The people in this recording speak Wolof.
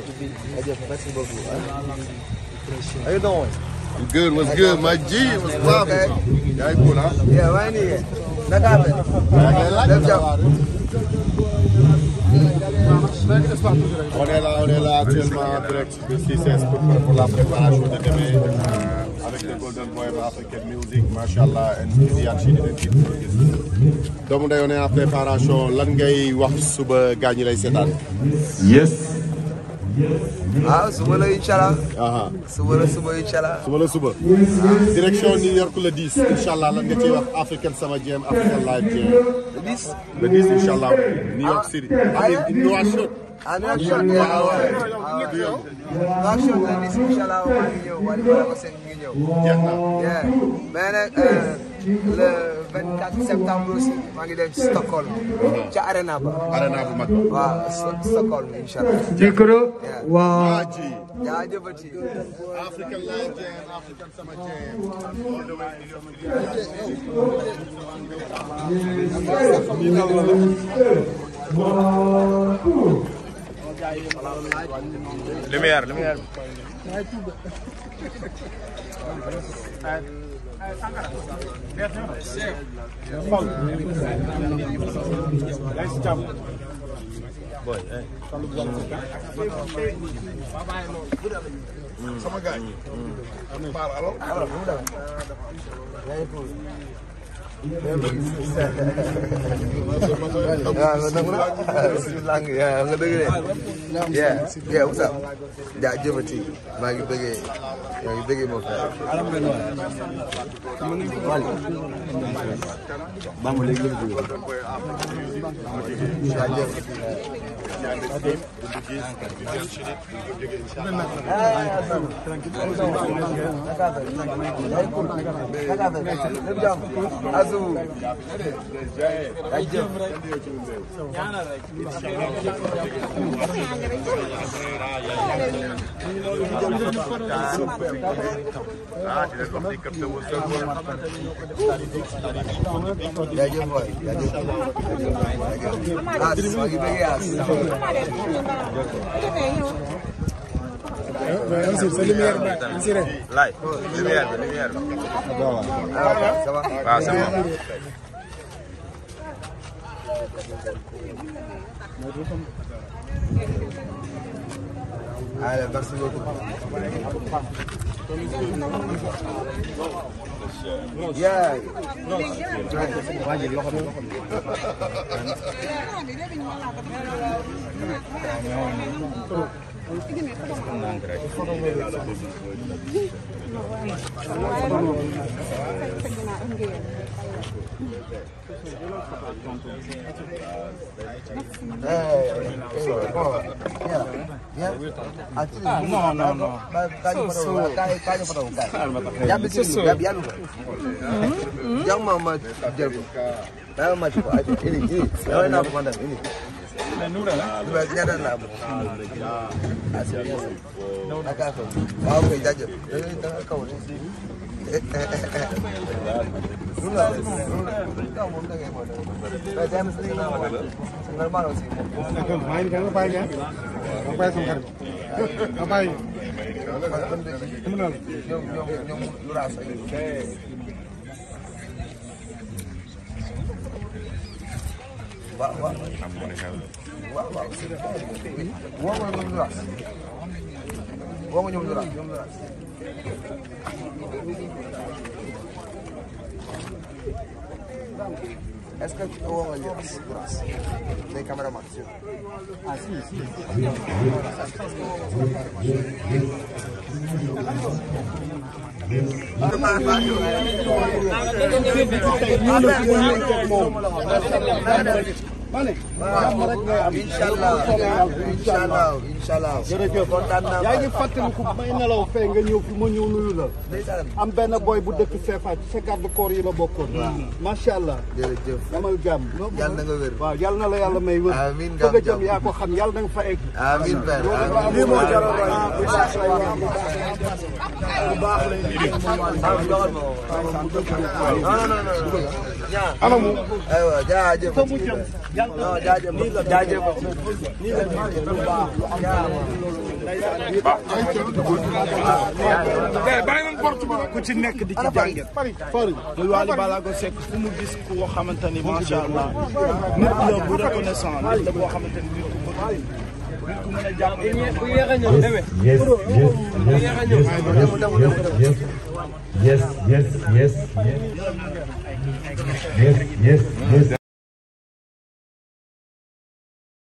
How you doing? I'm good. What's good, my G? What's poppin'? Okay. Y'all cool, huh? Yeah, right here. That happened. Let's go. On est là, on est là actuellement en direct de 6S pour la préparation de demain. Euh, avec le Golden Boy of African Music macha allah si dinañ ci doomu dayoon en préparation lan ngay wax suba gaañi lay seetaan. yes. waaw ah, suba la incha allah. suba la suba incha allah. suba la suba. Ah, direction New York le 10 incha allah lan nga ciy wax African Sama Jam African Live Jam. le 10 le 10 incha allah New York City. Amen. Ah, yeah. Yeah. Man, uh, uh 24 septembre aussi maa ngi dem Stockholm. ca arena ba. arena bu mag waaw Stockholm incha allah. micro waaw. jaajëfal ci. African live jazz, African summer jam. Lumière, lumière. sama gars yi. waaw nga nangu na suñu làng yaa nga dëgg de yaa yaa wut sax daa jëfati maa ngi bëggee maa ngi bëggee moo fay. baamu léegi la ñu jërëjëf waay jërëjëf waay lay lumière bi lumière bi waaw sama waaw Allez, merci beaucoup. Yeah. Hey, hey, oh, yeah. ah non non non. so so yàlla so so yàlla yàlla ko. jàng maa ma jël ko. maa ma jël ko aywa ini ini. yàlla naa ko mandam ini. Dua nyadar lah. Asyik. Nak apa? Mau kerja je. Tengah kau ni. waaw waaw waaw waaw woo nga ñoom Lora woo nga ñoom Lora Est-ce que tu peux voir les assurances des caméramans Ah si, si. Voilà, je pense que on va faire ma ne. jàmm rek allah incha allah incha allah jërëjëf kontaan naa yaa ngi fàttaliku may nelaw fee nga ñëw fi ma ñëw nuyu la. am benn boy bu dëkk Seefaat ci sa garde corps yi la bokkoon. macha allah. jërëjëf amal jàmm. yàlla na nga wér. waaw yàlla na la yàlla may wér. amiin nga jëm yaa ko xam yàlla na nga fa egg. amiin père lii moo jaroon bu baax lay bu baax lay ana mu aywa jaajëf non jaajëf jaajëf ku ci nekk di ci jàngat muy Wally Ballago Seck fu mu gis ku nga xamante ni macha allah nit la bu reconnaissant nit la boo xamante ni nit ku bëgg yes yes yes